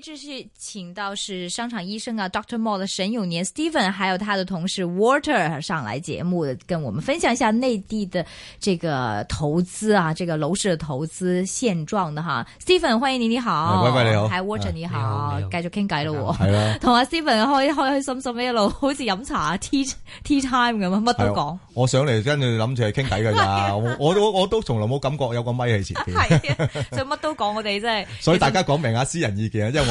繼續請到是商場醫生啊 Doctor Mall 的沈永年 Stephen，還有他的同事 Water 上來節目，跟我們分享一下內地的這個投資啊，這個樓市的投資現狀的哈。Stephen 歡迎你，你好，喂喂你好，Hi Water 你好，繼續傾偈咯，係咯，同阿 Stephen 開開開心心一路好似飲茶 tea tea time 咁樣，乜都講。我上嚟跟住諗住係傾偈噶咋，我我我都從來冇感覺有個咪喺前邊 所以乜都講我哋真係。所以大家講明下私人意見啊，因為。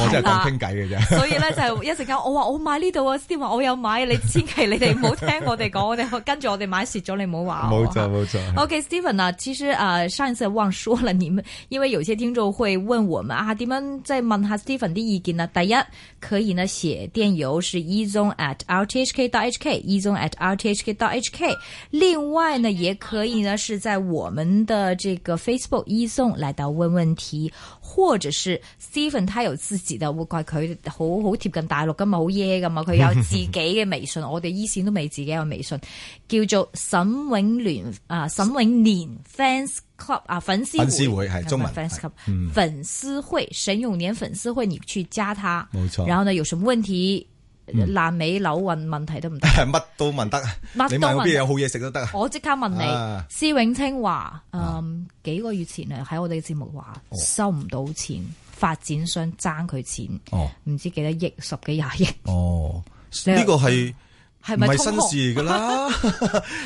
係啊，我 所以咧就係、是、一陣間，我話我買呢度啊，Steven 我有買，你千祈你哋唔好聽我哋講， 我哋跟住我哋買蝕咗，你唔好話。冇錯冇錯。OK，Steven 啊，okay, Stephen, 其實啊，上一次忘說了，你們因為有些聽眾會問我們啊，點樣即係問下 Steven 啲意見呢？第一，可以呢寫電郵是 e-zone at RTHK 到 hk，e-zone at RTHK 到 hk。另外呢，也可以呢是在我們的這個 Facebook e-zone 來到問問題，或者是 Steven 他有自己。就會怪佢好好貼近大陸噶嘛，好嘢噶嘛，佢有自己嘅微信， 我哋以前都未自己有微信，叫做沈永聯啊，沈永年 fans club 啊粉絲粉絲會係中文 fans club 粉絲會，沈永年粉絲會，你去加他，冇錯。然後呢，有什麼問題？.爛尾樓運問題都唔得，乜 都問得，都問得你問邊有好嘢食都得。我即刻問你，施、啊、永青話，嗯，幾個月前啊，喺我哋節目話收唔到錢，發展商爭佢錢，唔、哦、知幾多億，十幾廿億。哦，呢、這個係。 唔係新事噶啦，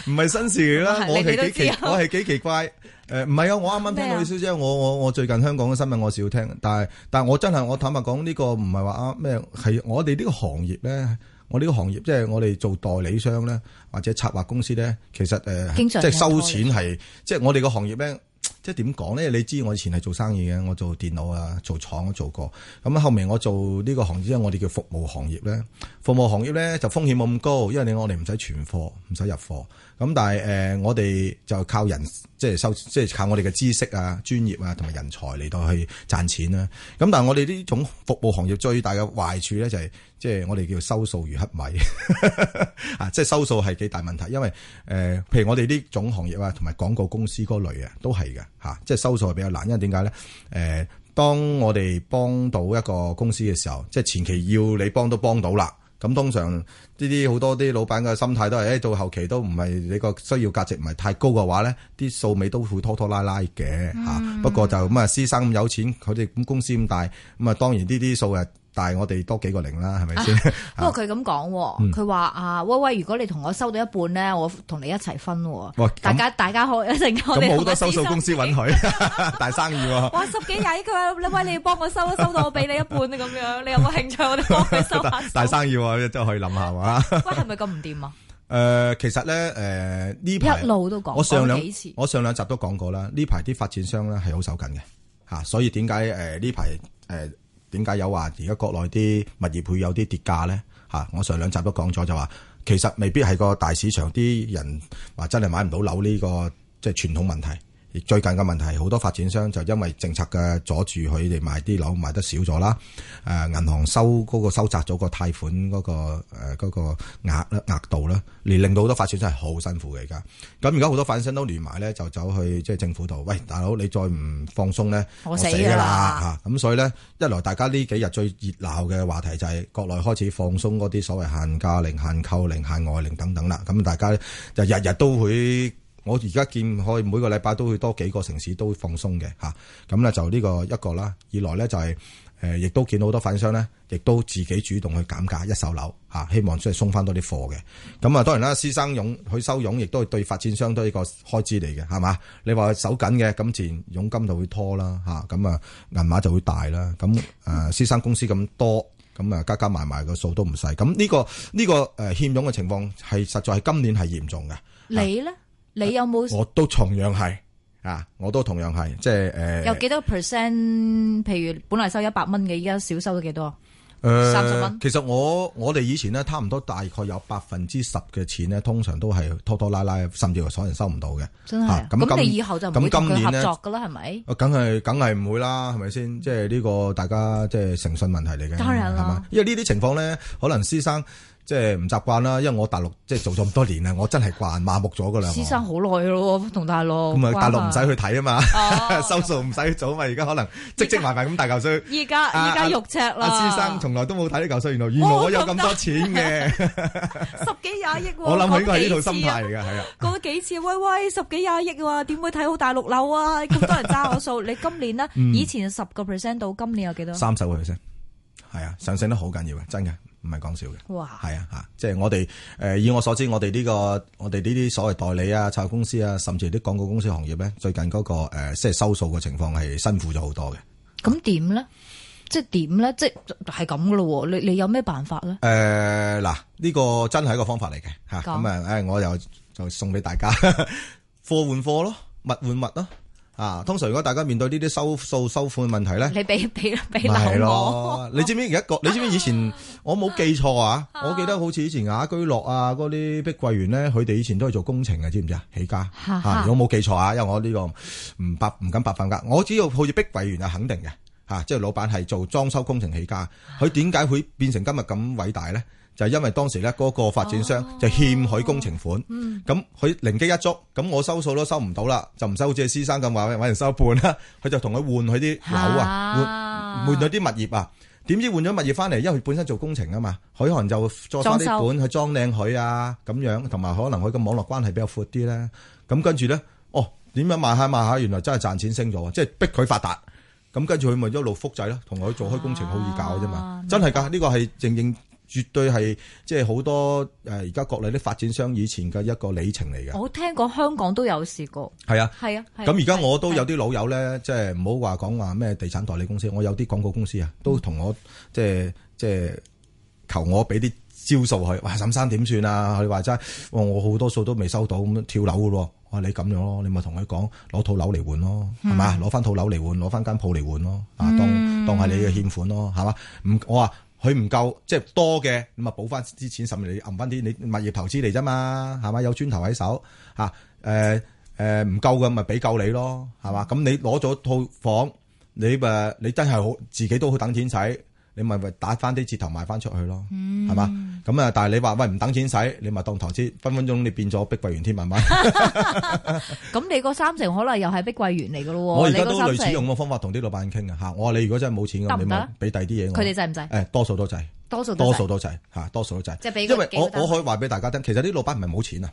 唔係新事噶啦，我係幾奇，我係幾奇怪。誒，唔係啊，我啱啱聽到你消息，麼我我我最近香港嘅新聞我少聽，但係但係我真係我坦白講，呢個唔係話啊咩，係我哋呢個行業咧，我呢個行業即係我哋做代理商咧，或者策劃公司咧，其實誒，即係收錢係，即係我哋個行業咧。即係點講咧？你知我以前係做生意嘅，我做電腦啊，做廠都做過。咁啊，後面我做呢個行業，因為我哋叫服務行業咧，服務行業咧就風險冇咁高，因為你我哋唔使存貨，唔使入貨。咁但係誒、呃，我哋就靠人，即係收，即係靠我哋嘅知識啊、專業啊同埋人才嚟到去賺錢啦、啊。咁但係我哋呢種服務行業最大嘅壞處咧、就是，就係即係我哋叫收數如乞米啊！ 即係收數係幾大問題，因為誒、呃，譬如我哋呢種行業啊，同埋廣告公司嗰類啊，都係嘅吓，即係收數係比較難。因為點解咧？誒、呃，當我哋幫到一個公司嘅時候，即係前期要你幫都幫到啦。咁通常呢啲好多啲老闆嘅心態都係，誒、欸，到後期都唔係，你個需要價值唔係太高嘅話咧，啲數尾都會拖拖拉拉嘅吓。嗯、不過就咁啊，師生咁有錢，佢哋咁公司咁大，咁啊當然呢啲數係。但係我哋多幾個零啦，係咪先？不過佢咁講，佢話啊威威，如果你同我收到一半咧，我同你一齊分喎。大家大家可有陣間我哋好多收數公司搵佢，大生意。哇！十幾廿億，佢嘅，你喂，你幫我收，一收到我俾你一半咁樣，你有冇興趣？我哋幫佢收翻。大生意，真係可以諗下嘛？威，係咪咁唔掂啊？誒，其實咧，誒呢一路都講我上兩，我上兩集都講過啦。呢排啲發展商咧係好手緊嘅吓，所以點解誒呢排誒？點解有話而家國內啲物業會有啲跌價咧？嚇、啊！我上兩集都講咗，就話其實未必係個大市場，啲人話真係買唔到樓呢、這個即係、就是、傳統問題。最近嘅問題，好多發展商就因為政策嘅阻住佢哋賣啲樓，賣得少咗啦，誒、呃、銀行收嗰、那個收窄咗個貸款嗰、那個誒嗰、呃那個額度咧，而令到好多發展商係好辛苦嘅而家。咁而家好多發展商都連埋咧，就走去即係政府度，喂大佬，你再唔放鬆咧，我死啦嚇！咁、啊、所以咧，一來大家呢幾日最熱鬧嘅話題就係國內開始放鬆嗰啲所謂限價零限購零限外零等等啦。咁大家就日日都會。我而家見可每個禮拜都會多幾個城市都會放鬆嘅嚇，咁、啊、咧就呢個一個啦，二來咧就係、是、誒，亦、呃、都見到好多發展商咧，亦都自己主動去減價一手樓嚇、啊，希望即係鬆翻多啲貨嘅。咁啊，當然啦，私生傭去收傭亦都係對發展商都係一個開支嚟嘅，係嘛？你話手緊嘅咁錢傭金就會拖啦嚇，咁啊，銀碼就會大啦。咁、啊、誒、啊，私生公司咁多，咁啊，加加埋埋個數都唔細。咁、這、呢個呢個誒欠傭嘅情況係實在係今年係嚴重嘅。啊、你咧？你有冇？我都同樣係啊！我都同樣係、啊，即係誒。呃、有幾多 percent？譬如本來收一百蚊嘅，依家少收咗幾多？誒，三十蚊。其實我我哋以前呢，差唔多大概有百分之十嘅錢呢，通常都係拖拖拉拉，甚至乎所人收唔到嘅。真係。咁咁你以後就唔會同佢合作㗎啦，係咪？梗係梗係唔會啦，係咪先？即係呢個大家即係、就是、誠信問題嚟嘅。當然啦，因為呢啲情況咧，可能先生。即係唔習慣啦，因為我大陸即係做咗咁多年啦，我真係慣麻木咗噶啦。沈生好耐咯，同大陸咁啊，大陸唔使去睇啊嘛，收數唔使做啊嘛，而家可能積積埋埋咁大嚿水。而家而家肉赤啦。阿沈、啊啊、生從來都冇睇呢嚿水，原來原來我有咁多錢嘅，想 十幾廿億、啊。我諗起佢係呢套心態嚟嘅，係啊，過咗、啊、幾次，喂喂，十幾廿億哇，點會睇好大陸樓啊？咁多人揸我數，嗯、你今年呢？以前十個 percent 到今年有幾多？三十個 percent，係啊，上升得好緊要啊，真嘅。唔係講笑嘅，係哇啊吓，即係我哋誒、呃、以我所知，我哋呢、呢個我哋呢啲所謂代理啊、策劃公司啊，甚至啲廣告公司行業咧，最近嗰、嗰個誒、呃、即係收數嘅情況係辛苦咗好多嘅。咁點咧？即係點咧？即係係咁噶咯？你你有咩辦法咧？誒嗱、呃、呢、呢個真係一個方法嚟嘅吓，咁啊誒講、嗯、我又就送俾大家貨換貨咯，物換物咯、啊。啊，通常如果大家面對呢啲收數收款嘅問題咧，你俾俾俾留我，啊、你知唔知而家個？你知唔知以前我冇記錯啊？啊我記得好似以前雅居樂啊，嗰啲碧桂園咧，佢哋以前都係做工程嘅，知唔知啊？起家吓，如果冇記錯啊，因為我呢、這個唔百唔敢百分百，我只要好似碧桂園係肯定嘅吓，即、啊、係、就是、老闆係做裝修工程起家，佢點解會變成今日咁偉大咧？就因為當時咧，嗰個發展商就欠佢工程款，咁佢靈機一觸，咁我收數都收唔到啦，就唔收，好似先生咁話，搵人收一半啦。佢就同佢換佢啲樓啊，換換咗啲物業啊。點知換咗物業翻嚟，因為佢本身做工程啊嘛，佢可能就做翻啲本去裝靚佢啊，咁樣，同埋可能佢個網絡關係比較闊啲咧。咁跟住咧，哦，點樣賣下賣下，原來真係賺錢升咗啊！即係逼佢發達，咁跟住佢咪一路複製咯。同佢做開工程好易搞啫嘛，真係噶，呢個係正正。絕對係即係好多誒！而家國內啲發展商以前嘅一個里程嚟嘅。我聽講香港都有試過。係啊，係啊。咁而家我都有啲老友咧，即係唔好話講話咩地產代理公司，我有啲廣告公司啊，都同我即係即係求我俾啲招數佢。哇，沈生點算啊？佢話真，我我好多數都未收到咁樣跳樓噶咯。我你咁樣咯，你咪同佢講攞套樓嚟換咯，係嘛、嗯？攞翻套樓嚟換，攞翻間鋪嚟換咯，啊，當當係你嘅欠款咯，係嘛？唔，我話。佢唔夠，即係多嘅咁啊，你補翻啲錢，甚至你揞翻啲，你物業投資嚟啫嘛，係嘛？有磚頭喺手嚇，誒誒唔夠嘅咪俾夠你咯，係嘛？咁你攞咗套房，你咪，你真係好，自己都好等錢使。你咪咪打翻啲折頭賣翻出去咯，係嘛？咁啊，但係你話喂，唔等錢使，你咪當投資，分分鐘你變咗碧桂園添，係咪？咁你個三成可能又係碧桂園嚟噶咯。我而家都類似用個方法同啲老闆傾啊，吓，我話你如果真係冇錢咁，你咪俾第二啲嘢我。佢哋制唔制？誒，多數都制，多數多數都制吓，多數都制。即係俾個訂單。因為我我可以話俾大家聽，其實啲老闆唔係冇錢啊，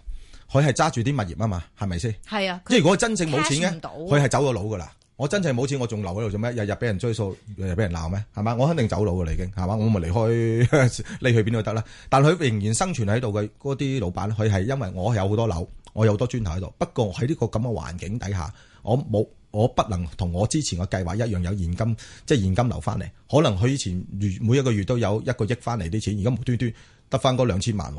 佢係揸住啲物業啊嘛，係咪先？係啊，即係如果真正冇錢嘅，佢係走咗佬噶啦。我真係冇錢，我仲留喺度做咩？日日俾人追數，日日俾人鬧咩？係嘛？我肯定走佬噶啦，已經係嘛？我咪離開，你去邊度得啦？但佢仍然生存喺度嘅嗰啲老闆，佢係因為我有好多樓，我有好多磚頭喺度。不過喺呢個咁嘅環境底下，我冇，我不能同我之前嘅計劃一樣有現金，即係現金流翻嚟。可能佢以前每一個月都有一個億翻嚟啲錢，而家無端端得翻嗰兩千萬，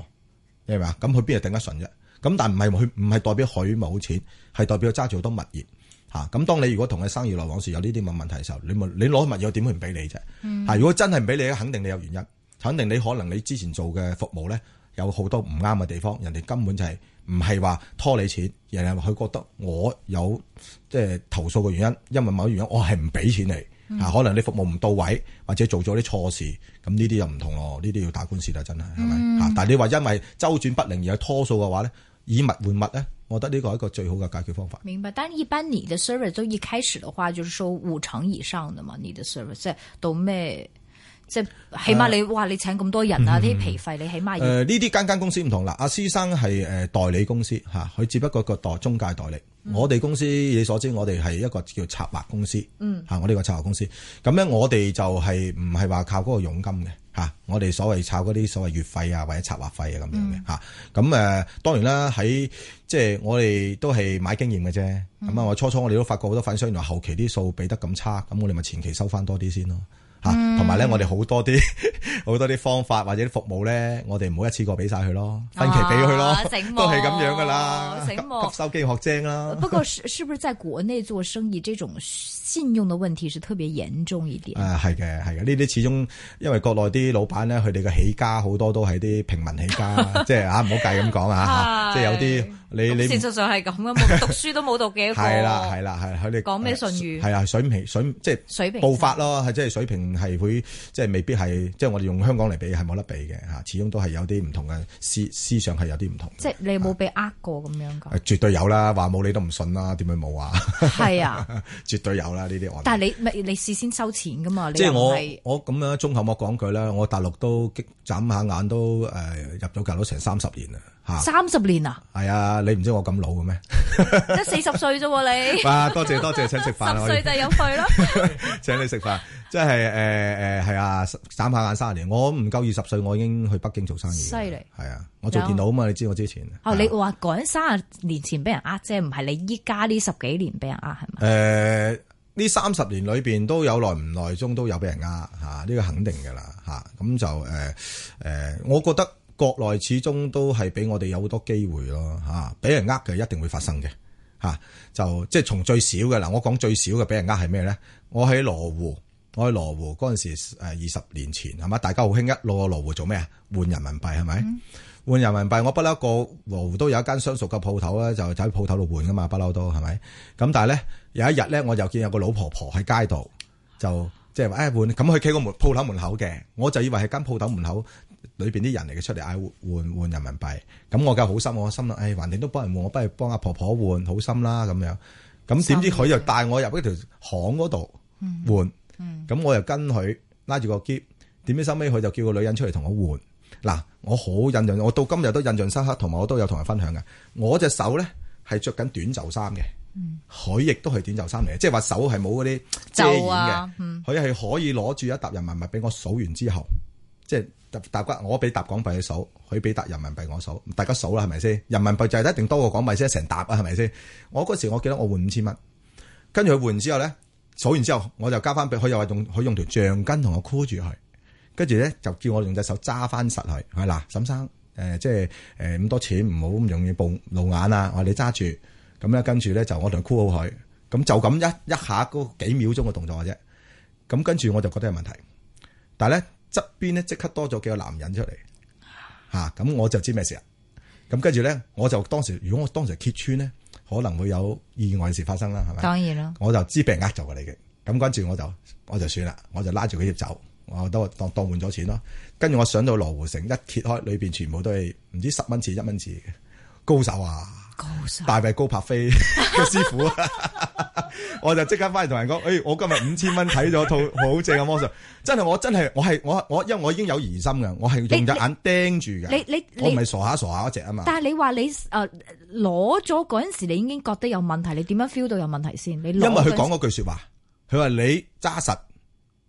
你係咪啊？咁佢邊係頂得順啫？咁但唔係佢唔係代表佢冇錢，係代表揸住好多物業。吓，咁當你如果同佢生意來往時，有呢啲問問題嘅時候，你問你攞物業點會唔俾你啫？吓，嗯、如果真係唔俾你咧，肯定你有原因，肯定你可能你之前做嘅服務咧有好多唔啱嘅地方，人哋根本就係唔係話拖你錢，而係佢覺得我有即係投訴嘅原因，因為某原因我係唔俾錢你。吓，嗯、可能你服務唔到位，或者做咗啲錯事，咁呢啲又唔同咯，呢啲要打官司啦，真係，係咪？吓，嗯、但係你話因為周轉不靈而係拖數嘅話咧，以物換物咧？我覺得呢個係一個最好嘅解決方法。明白，但係一般你的 service 都一開始嘅話，就係收五成以上的嘛。你的 service 即係到咩，即係起碼你、呃、哇，你請咁多人、呃、間間啊，啲皮費你起碼。誒，呢啲間間公司唔同啦。阿沈生係誒代理公司吓，佢只不過個代中介代理。嗯、我哋公司你所知，我哋係一個叫策劃公司，嗯吓、啊，我哋個策劃公司咁咧，我哋就係唔係話靠嗰個佣金嘅。吓、啊！我哋所謂炒嗰啲所謂月費啊，或者策劃費啊咁樣嘅吓。咁誒、嗯啊啊、當然啦，喺即係我哋都係買經驗嘅啫。咁啊，初初我哋都發覺好多分商，原來後期啲數俾得咁差，咁我哋咪前期收翻多啲先咯。同埋咧，我哋好多啲好多啲方法或者啲服務咧，我哋唔好一次過俾晒佢咯，分期俾佢咯，啊啊、都係咁樣噶啦。啊、收機學精啦。不過是,是不是在國內做生意，這種信用嘅問題是特別嚴重一點？啊，係嘅，係嘅，呢啲始終因為國內啲老闆咧，佢哋嘅起家好多都係啲平民起家， 即係啊，唔好計咁講啊， 即係有啲。你你事實上係咁㗎嘛？ 讀書都冇讀幾多？係啦係啦係佢哋講咩信譽？係啦、啊啊啊、水平水即係水平步伐咯，係即係水平係會即係未必係即係我哋用香港嚟比係冇得比嘅吓，始終都係有啲唔同嘅思思想係有啲唔同。即係你冇被呃過咁樣㗎？誒、啊、絕對有啦，話冇你都唔信啦，點樣冇啊？係啊，絕對有啦呢啲我。案但係你但你，你事先收錢㗎嘛？你即係我我咁樣中後我講佢啦，我大陸都眨下眼都誒、呃、入咗教到成三十年啊吓年！三十年啊？係啊！ 你唔知我咁老嘅咩？即係四十歲啫喎，你。啊，多謝多謝，請食飯啦。十歲就有費咯，請你食飯， 即係誒誒，係、呃、啊，眨下眼三十年，我唔夠二十歲，我已經去北京做生意。犀利害。係啊，我做電腦啊嘛，你知我之前。嗯、哦，你話講三十年前俾人呃，啫，唔係你依家呢十幾年俾人呃係嘛？誒，呢三十年裏邊都有，耐唔耐中都有俾人呃吓，呢、啊、個肯定噶啦吓。咁、啊、就誒誒、呃呃，我覺得。國內始終都係俾我哋有好多機會咯嚇，俾、啊、人呃嘅一定會發生嘅嚇、啊，就即係從最少嘅嗱，我講最少嘅俾人呃係咩咧？我喺羅湖，我喺羅湖嗰陣時呃、二十年前係咪，大家好興一落個羅湖做咩啊？換人民幣係咪？換人民幣，嗯、民幣我不嬲過羅湖都有一間相熟嘅鋪頭啦，就喺鋪頭度換噶嘛，不嬲都係咪？咁但係咧有一日咧，我就見有個老婆婆喺街度就即係話誒，換，咁佢企個門鋪頭門口嘅，我就以為係間鋪頭門口裏邊啲人嚟嘅，出嚟嗌，換換人民幣。咁我梗係好心，我心諗誒，橫掂都幫人換，我不如幫阿婆婆換，好心啦咁樣。咁點知佢又帶我入嗰條巷嗰度換。咁、嗯嗯、我又跟佢拉住個喼，點知收尾佢就叫個女人出嚟同我換。嗱，我好印象，我到今日都印象深刻，同埋我都有同人分享嘅。我隻手咧係着緊短袖衫嘅。佢亦都係短袖衫嚟，即係話手係冇嗰啲遮掩嘅，佢係、啊嗯、可以攞住一沓人民幣俾我數完之後，即係搭搭，我俾搭港幣去數，佢俾搭人民幣我數，大家數啦，係咪先？人民幣就一定多過港幣先，成沓啊，係咪先？我嗰時我記得我換五千蚊，跟住佢換完之後咧，數完之後我就交翻俾佢，又話用佢用條橡筋同我箍住佢，跟住咧就叫我用隻手揸翻實佢，係嗱，沈生，誒、呃、即係誒咁多錢唔好咁容易暴露眼啊，我話你揸住。咁咧，跟住咧就我同佢箍好佢，咁就咁一一下嗰幾秒鐘嘅動作嘅啫。咁跟住我就覺得有問題，但係咧側邊咧即刻多咗幾個男人出嚟，吓、啊、咁我就知咩事啊！咁跟住咧，我就當時如果我當時揭穿咧，可能會有意外事發生啦，係咪？當然咯，我就知俾人呃咗你嘅。咁跟住我就我就算啦，我就拉住佢哋走，我都當當換咗錢咯。跟住我上到羅湖城一揭開，裏邊全部都係唔知十蚊紙一蚊紙嘅高手啊！大衛高柏飛嘅師傅 我，我就即刻翻去同人講，誒，我今日五千蚊睇咗套好正嘅魔術 真係我真係我係我我，因為我已經有疑心嘅，我係用隻眼盯住嘅。你你我唔係傻下傻下嗰隻啊嘛？但係你話你誒攞咗嗰陣時，你已經覺得有問題，你點樣 feel 到有問題先？你因為佢講嗰句說話，佢話 你揸實，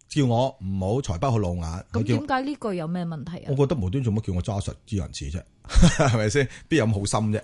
叫我唔好財不露眼。咁點解呢句有咩問題啊？我覺得無端做乜叫我揸實字仁慈啫，係咪先？邊 有咁好心啫？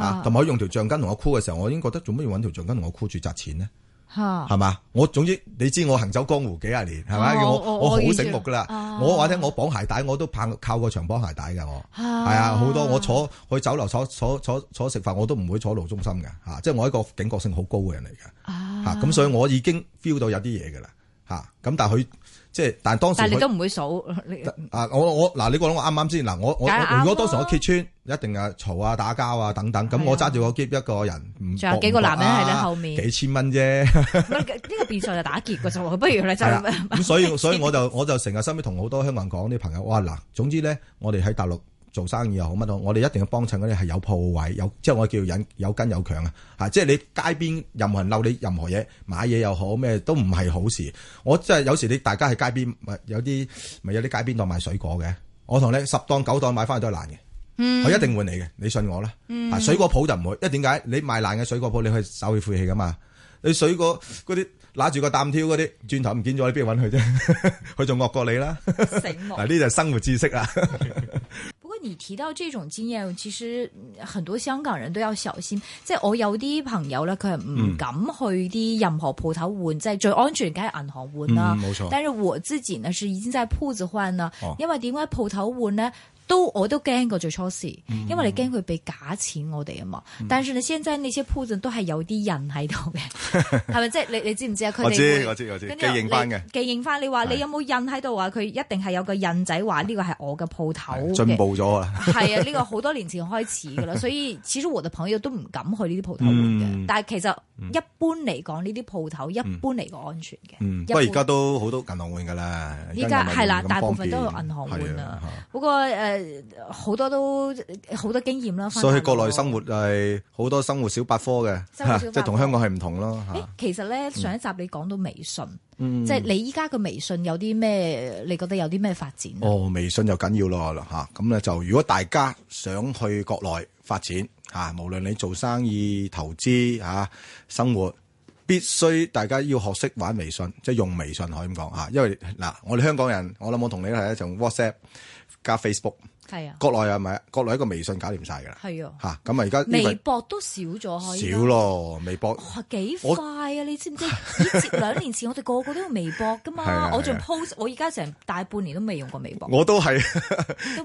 啊！同埋用條橡筋同我箍嘅時候，我已經覺得做咩要揾條橡筋同我箍住紮錢呢？係嘛、啊？我總之你知我行走江湖幾廿年，係咪、啊？我我好醒目噶啦、啊！我話聽我綁鞋帶，我都怕靠個長幫鞋帶嘅我，係啊好、啊啊、多我坐我去酒樓坐坐坐坐,坐食飯，我都唔會坐路中心嘅吓、啊，即係我係一個警覺性好高嘅人嚟嘅吓，咁、啊啊、所以我已經 feel 到有啲嘢嘅啦吓，咁、啊、但係佢。即係，但係當時。你都唔會數。 啊，我我嗱，你講我啱啱先？嗱，我我如果當時我揭穿，一定係嘈啊、打交啊等等。咁、哎、呀我揸住個篋一個人。仲有幾個男人喺你、啊、後面。幾千蚊啫。呢個變相就打劫嘅啫， 不如你揸咁、啊、所以所以我就我就成日身邊同好多香港人講啲朋友，哇嗱，總之咧，我哋喺大陸。做生意又好乜咯，我哋一定要幫襯嗰啲係有鋪位，有即係我叫引有根有強啊！嚇，即係你街邊任何人嬲你任何嘢買嘢又好咩都唔係好事。我即係有時你大家喺街邊，有啲咪有啲街邊檔賣水果嘅。我同你十檔九檔買翻去都係爛嘅，佢、嗯、一定換你嘅，你信我啦。嗯、水果鋪就唔會，因為點解？你買爛嘅水果鋪，你可以稍微晦氣噶嘛。你水果嗰啲揦住個擔挑嗰啲轉頭唔見咗，你邊度揾佢啫？佢 仲惡過你啦！嗱 呢就係生活知識啊！ 你提到這種經驗，其實很多香港人都要小心。即係我有啲朋友咧，佢係唔敢去啲任何鋪頭換，即係、嗯、最安全梗係銀行換啦、啊。冇錯、嗯。但係我自己呢，是已經在鋪子換啦。哦、因為點解鋪頭換呢？都我都驚過最初時，因為你驚佢俾假錢我哋啊嘛。但係你先真，呢啲鋪頭都係有啲印喺度嘅，係咪？即係你你知唔知啊？佢哋記認翻嘅，記認翻。你話你有冇印喺度啊？佢一定係有個印仔，話呢個係我嘅鋪頭嘅。進步咗啊！係啊，呢個好多年前開始㗎啦，所以始終我哋朋友都唔敢去呢啲鋪頭換嘅。但係其實一般嚟講，呢啲鋪頭一般嚟講安全嘅。不過而家都好多銀行換㗎啦，而家係啦，大部分都係銀行換啊。嗰個好多都好多經驗啦，所以喺國內生活係好多生活小百科嘅，即係同香港係唔同咯吓。其實咧上一集你講到微信，即係、嗯、你依家個微信有啲咩？你覺得有啲咩發展？哦，微信就緊要咯吓，咁咧就如果大家想去國內發展吓、啊，無論你做生意、投資吓、啊、生活，必須大家要學識玩微信，即係用微信可以咁講吓。因為嗱，我哋香港人，我諗我同你咧就用 WhatsApp 加 Facebook。係啊，國內係咪，國內一個微信搞掂晒噶啦。係啊，嚇咁啊而家微博都少咗，少咯微博。嚇幾快啊！你知唔知？一直兩年前我哋個個都用微博噶嘛，我仲 post，我而家成大半年都未用過微博。我都係，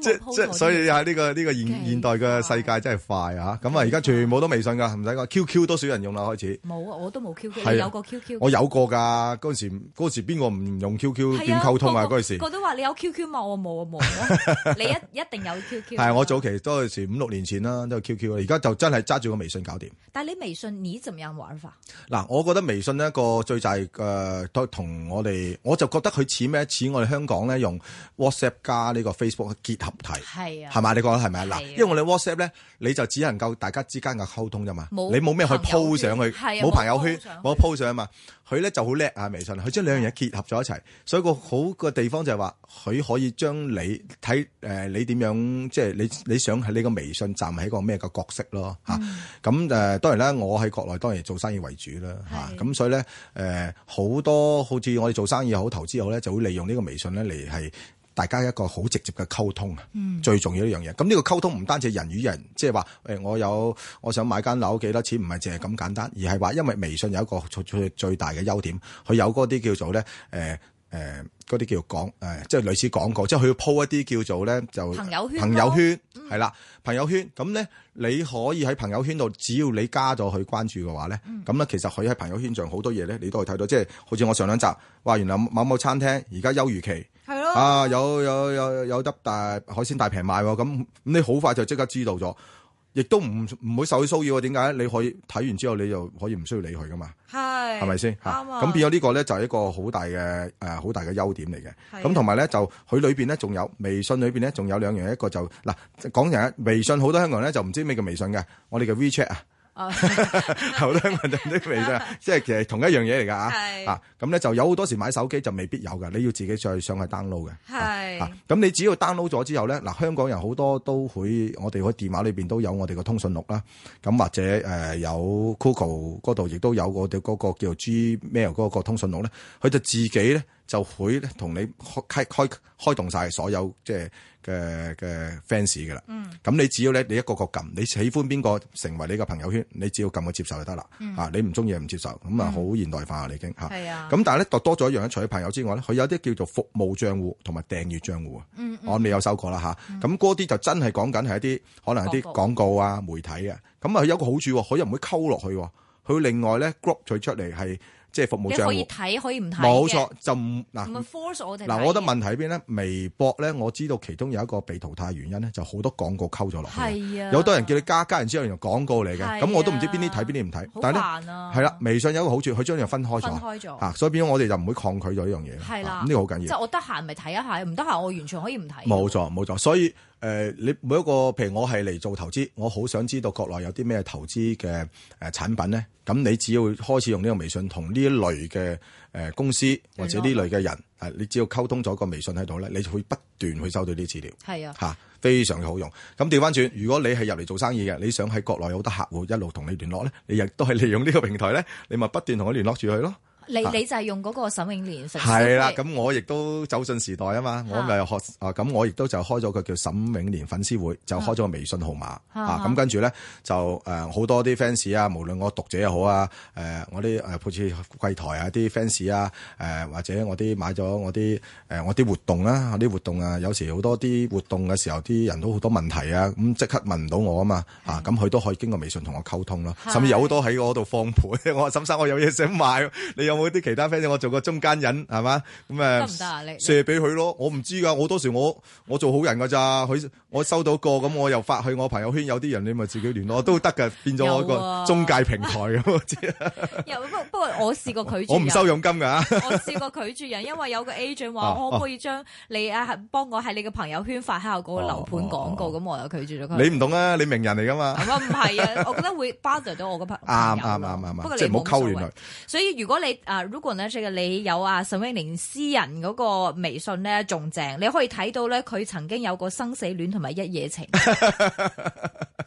即係所以喺呢個呢個現現代嘅世界真係快啊！咁啊而家全部都微信噶，唔使講 QQ 都少人用啦開始。冇啊，我都冇 QQ，你有個 QQ？我有過㗎，嗰陣時嗰陣時邊個唔用 QQ 點溝通啊？嗰陣時個個都話你有 QQ 嘛，我冇啊冇啊，你一一定。係，我早期多陣時五六年前啦，都係 Q Q 啦，而家就真係揸住個微信搞掂。但係你微信你怎樣玩法？嗱，我覺得微信呢一個最大，係都同我哋，我就覺得佢似咩？似我哋香港咧用 WhatsApp 加呢個 Facebook 嘅結合體，係啊，係嘛？你覺得係咪？嗱，啊、因為我哋 WhatsApp 咧，你就只能夠大家之間嘅溝通啫嘛，沒你冇咩去 po 上去，冇朋友圈，冇、啊、po 上去嘛。佢咧就好叻啊！微信，佢將兩樣嘢結合咗一齊，所以個好個地方就係話，佢可以將你睇誒、呃、你點樣，即係你你想喺呢個微信站喺個咩個角色咯嚇。咁誒、嗯啊呃、當然啦，我喺國內當然做生意為主啦嚇。咁、啊是啊、所以咧誒、呃、好多好似我哋做生意又好投資又好咧，就會利用呢個微信咧嚟係。大家一個好直接嘅溝通啊，嗯、最重要一樣嘢。咁、這、呢個溝通唔單止係人與人，即係話誒，我有我想買間樓幾多錢，唔係淨係咁簡單，而係話因為微信有一個最大嘅優點，佢有嗰啲叫做咧誒誒嗰啲叫做廣、呃、即係類似廣告，即係佢要鋪一啲叫做咧就朋友圈朋友圈係、哦、啦，朋友圈咁咧你可以喺朋友圈度，只要你加咗佢關注嘅話咧，咁咧、嗯、其實佢喺朋友圈上好多嘢咧，你都會睇到，即、就、係、是、好似我上兩集話原來某某餐廳而家休業期。啊，有有有有得大海鮮大平賣喎，咁你好快就即刻知道咗，亦都唔唔會受佢騷擾喎。點解？你可以睇完之後，你就可以唔需要理佢噶嘛。係，係咪先？啱啊。咁變咗呢個咧，就係一個好大嘅誒，好大嘅優點嚟嘅。咁同埋咧，就佢裏邊咧，仲有微信裏邊咧，仲有兩樣，一個就嗱，講人微信好多香港人咧，就唔知咩叫微信嘅，我哋嘅 WeChat 啊。哦，好啦， 文正的味啫，即係其實同一樣嘢嚟噶吓，吓咁咧就有好多時買手機就未必有噶，你要自己再上去 download 嘅，吓、啊、咁是、啊、你只要 download 咗之後咧，嗱、啊、香港人好多都會，我哋喺電話裏邊都有我哋個通訊錄啦，咁、啊、或者誒、呃、有 Google 嗰度亦都有我哋嗰個叫 Gmail 嗰個通訊錄咧，佢就自己咧。就會同你開開開動晒所有即係嘅嘅 fans 嘅啦。嗯，咁你只要咧，你一個個撳，你喜歡邊個成為你嘅朋友圈，你只要撳佢接受就得啦。嚇、嗯，你唔中意唔接受，咁啊好現代化啊，已經嚇。係啊。咁但係咧，就多咗一樣，除咗朋友之外咧，佢有啲叫做服務帳戶同埋訂閲帳戶啊。嗯嗯、我未有收過啦嚇。咁嗰啲就真係講緊係一啲可能係啲廣告啊、媒體啊。咁啊，佢有一個好處，佢又唔會溝落去，佢另外咧 group 佢出嚟係。即係服務上，可以睇可以唔睇，冇錯就唔嗱。唔係 force 我哋嗱，我覺得問題喺邊咧？微博咧，我知道其中有一個被淘汰原因咧，就好多廣告溝咗落去。係啊，有多人叫你加加完之後原來廣告嚟嘅，咁、啊、我都唔知邊啲睇邊啲唔睇。好煩啊！係啦，微信有一個好處，佢將嘢分開咗，分開咗啊，所以變咗我哋就唔會抗拒咗呢、啊啊、樣嘢。係啦，呢個好緊要。即係我得閒咪睇一下，唔得閒我完全可以唔睇。冇錯冇錯，所以。誒，你每一個譬如我係嚟做投資，我好想知道國內有啲咩投資嘅誒產品咧。咁你只要開始用呢個微信，同呢類嘅誒公司絡或者呢類嘅人，誒，你只要溝通咗個微信喺度咧，你就會不斷去收到啲資料。係啊，吓非常好用。咁調翻轉，如果你係入嚟做生意嘅，你想喺國內有好多客戶一路同你聯絡咧，你亦都係利用呢個平台咧，你咪不斷同佢聯絡住佢咯。你你就係用個沈永年粉絲？係啦，咁我亦都走進時代啊嘛，的我咪學，啊，咁我亦都就開咗個叫沈永年粉絲會，就開咗個微信號碼，的啊，咁跟住咧就誒好、呃、多啲 fans 啊，無論我讀者又好啊，誒、呃、我啲誒好似櫃台啊啲 fans 啊，誒、呃、或者我啲買咗我啲誒、呃、我啲活動啦、啊，我啲活動啊，有時好多啲活動嘅時候啲人都好多問題啊，咁即刻問唔到我啊嘛，的啊咁佢都可以經過微信同我溝通咯、啊，甚至有好多喺我度放盤， 我話沈生我有嘢想買、啊。你有。我啲其他 friend，我做個中間人，係嘛，咁啊得唔得啊你？share 俾佢咯。我唔知噶，我多時我我做好人噶咋。佢我收到過咁，我又發去我朋友圈。有啲人你咪自己聯絡都得噶。變咗我個中介平台咁。不過我試過拒絕我。我唔收佣金噶、啊。 我試過拒絕人，因為有個 agent 話，我可唔可以將你啊，幫我喺你嘅朋友圈發下嗰個樓盤廣告？咁、啊啊、我又拒絕咗佢。你唔懂啊？你名人嚟噶嘛？唔係啊，我覺得會 bother 到我嘅朋友。啱啱啱啱。不過你唔好溝完佢。所以如果你啊，如果呢最近你有啊沈永年私人嗰個微信咧，仲正，你可以睇到咧佢曾經有個生死戀同埋一夜情。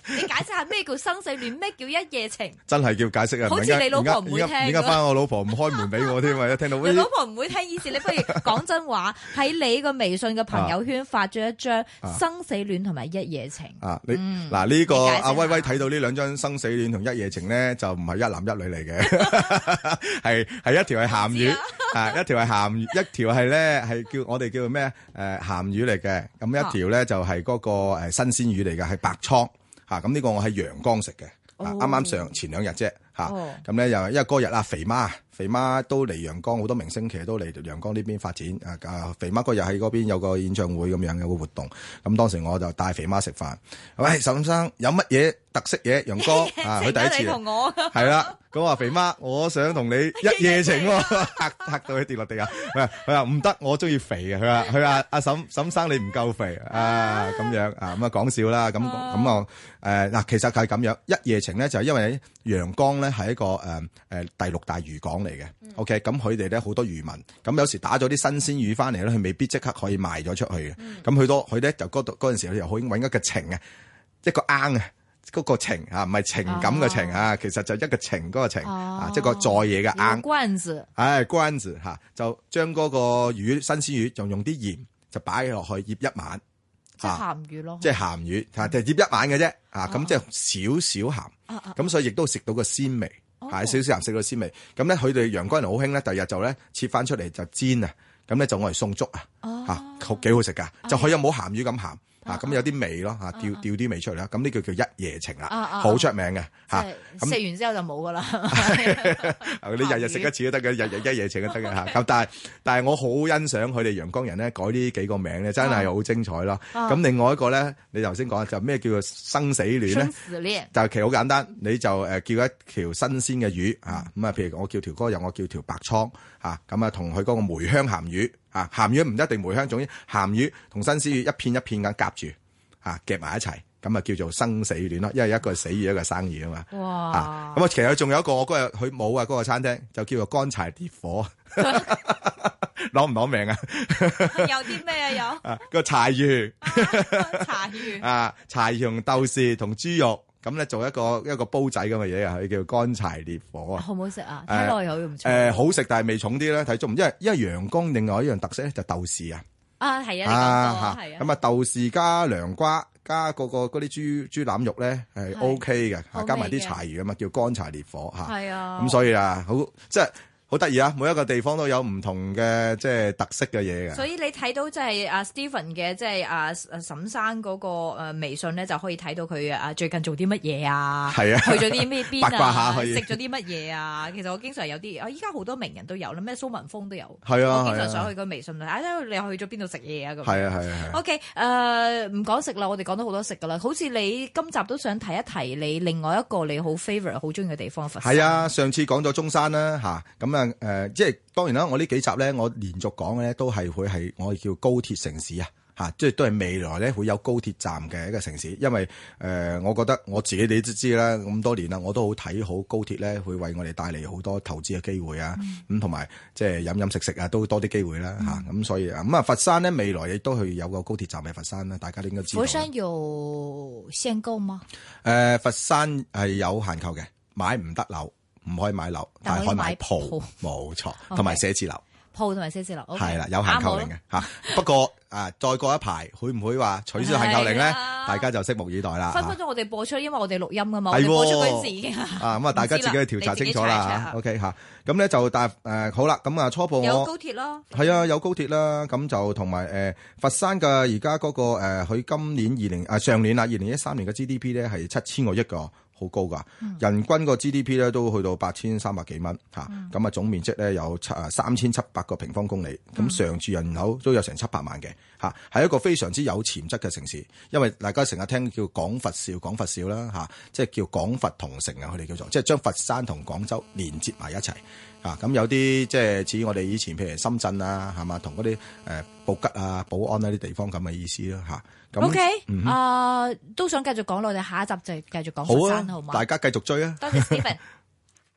你解釋下咩叫生死戀，咩叫一夜情？真係叫解釋啊！好似你老婆唔會聽。依家翻我老婆唔開門俾我添啊！聽到你老婆唔會聽，意思，你不如講真話，喺你個微信嘅朋友圈發咗一張生死戀同埋一夜情。啊，啊，你嗱呢、啊呢個阿威威睇到呢兩張生死戀同一夜情咧，就唔係一男一女嚟嘅，係。 一條係鹹魚，啊，一條係鹹魚，一條係咧係叫我哋叫做咩誒鹹魚嚟嘅，咁一條咧就係嗰個誒新鮮魚嚟嘅，係白鯧吓，咁呢個我喺陽光食嘅，啱啱上前兩日啫，吓，咁咧又因為嗰日阿肥媽。肥媽都嚟陽江，好多明星其實都嚟陽江呢邊發展。啊，肥媽嗰日喺嗰邊有個演唱會咁樣，有個活動。咁當時我就帶肥媽食飯。啊、喂，沈生有乜嘢特色嘢？陽哥？ 啊，佢第一次同 我？係啦。佢話肥媽，我想同你一夜情喎、啊， 嚇到佢跌落地下。佢話唔得，我中意肥嘅。佢話佢話阿沈沈生你唔夠肥啊咁樣啊咁啊講笑啦。咁咁啊誒嗱，其實係咁樣一夜情咧，就係、是、因為陽江咧係一個誒誒第六大漁港嚟嚟嘅，OK，咁佢哋咧好多漁民，咁有時打咗啲新鮮魚翻嚟咧，佢未必即刻可以賣咗出去嘅。咁佢都，佢咧就嗰度嗰陣時又可以揾一個情啊，一個罌、那個、啊，嗰個情啊，唔係情感嘅情啊，其實就一個情嗰個情啊，即係個載嘢嘅罌。罐子，唉、啊，罐子嚇、啊，就將嗰個魚新鮮魚，就用啲鹽就擺落去醃一晚。即係鹹魚咯。即係、啊就是、鹹魚，係就、嗯、醃一晚嘅啫。啊，咁即係少少鹹，咁所以亦都食到個鮮味。係 Okay. 少少鹹，食到鮮味。咁咧，佢哋陽江人好興咧，第二日就咧切翻出嚟就煎啊。咁咧就愛嚟送粥啊。吓。好幾好食噶，就佢又冇鹹魚咁鹹啊，咁有啲味咯嚇，吊吊啲味出嚟啦，咁呢個叫一夜情啦，好出名嘅嚇。咁食完之後就冇噶啦，你日日食一次都得嘅，日日一夜情都得嘅嚇。咁但係但係我好欣賞佢哋陽江人咧改呢幾個名咧，真係好精彩咯。咁另外一個咧，你頭先講就咩叫做生死戀咧？生死戀就其實好簡單，你就誒叫一條新鮮嘅魚嚇，咁啊譬如我叫條嗰個又我叫條白鯧嚇，咁啊同佢嗰個梅香鹹魚。啊！鹹魚唔一定梅香種，總之鹹魚同新鮮魚一片一片咁夾住，嚇、啊、夾埋一齊，咁啊叫做生死戀咯，因為一個死魚一個生魚啊嘛。哇！咁啊，其實仲有一個，嗰日佢冇啊，嗰個餐廳就叫做乾柴烈火，攞唔攞命啊？有啲咩啊？有、嗰個柴魚，柴魚 啊，柴魚同豆豉同豬肉。咁咧做一個一個煲仔咁嘅嘢啊，佢叫乾柴烈火啊，呃呃、好唔好食啊？睇落又好，誒好食但係味重啲咧，睇中。因為因為陽江另外一樣特色咧就係、豆豉啊，啊係啊，啊吓，咁啊、嗯、的豆豉加涼瓜加個個啲豬豬腩肉咧係 O K 嘅吓，OK、的加埋啲柴魚啊嘛，的叫乾柴烈火吓，係啊，咁的、啊、所以啊好即係。好得意啊！每一個地方都有唔同嘅即係特色嘅嘢嘅。所以你睇到即係阿 Steven 嘅即係阿沈生嗰個微信咧，就可以睇到佢啊最近做啲乜嘢啊？係啊，去咗啲咩邊食咗啲乜嘢啊？其實我經常有啲啊，依家好多名人都有啦，咩蘇文峰都有。係啊，我經常上去佢微信啊，因為你去咗邊度食嘢啊？咁係啊係啊 OK，誒唔講食啦，我哋講到好多食噶啦。好似你今集都想提一提你另外一個你好 favourite 好中意嘅地方佛山。係啊，上次講咗中山啦嚇，咁啊～誒，即係當然啦，我呢幾集咧，我連續講嘅咧，都係會係我叫高鐵城市啊，吓，即係都係未來咧會有高鐵站嘅一個城市，因為誒、呃，我覺得我自己你都知啦，咁多年啦，我都好睇好高鐵咧，會為我哋帶嚟好多投資嘅機會啊，咁同埋即係飲飲食食啊，都多啲機會啦，吓、嗯、咁、啊、所以啊，咁啊，佛山咧未來亦都係有個高鐵站喺佛山啦，大家都應該知。佛山有限購嗎？誒、呃，佛山係有限購嘅，買唔得樓。唔可以買樓，但係可以買鋪，冇錯，同埋寫字樓。鋪同埋寫字樓，係啦，有限購令嘅，吓。不過啊，再過一排會唔會話取消限購令咧？大家就拭目以待啦。分分鐘我哋播出，因為我哋錄音㗎嘛，我播出嗰時已經啊，咁啊，大家自己去調查清楚啦。OK 吓，咁咧就大誒好啦，咁啊初步有高鐵咯，係啊有高鐵啦，咁就同埋誒佛山嘅而家嗰個誒，佢今年二零啊上年啊二零一三年嘅 GDP 咧係七千個億個。好高㗎，人均個 GDP 咧都去到八千三百幾蚊嚇，咁啊、嗯、總面積咧有七三千七百個平方公里，咁常、嗯、住人口都有成七百萬嘅嚇，係一個非常之有潛質嘅城市。因為大家成日聽叫廣佛肇、廣佛肇啦嚇，即係叫廣佛同城啊，佢哋叫做，即係將佛山同廣州連接埋一齊啊。咁有啲即係似我哋以前譬如深圳啊，係嘛同嗰啲誒布吉啊、寶安啊啲地方咁嘅意思啦嚇。O K，啊都想繼續講落，我哋下一集就繼續講雪山，好嘛、啊？好嗎大家繼續追啊！多謝 Steven。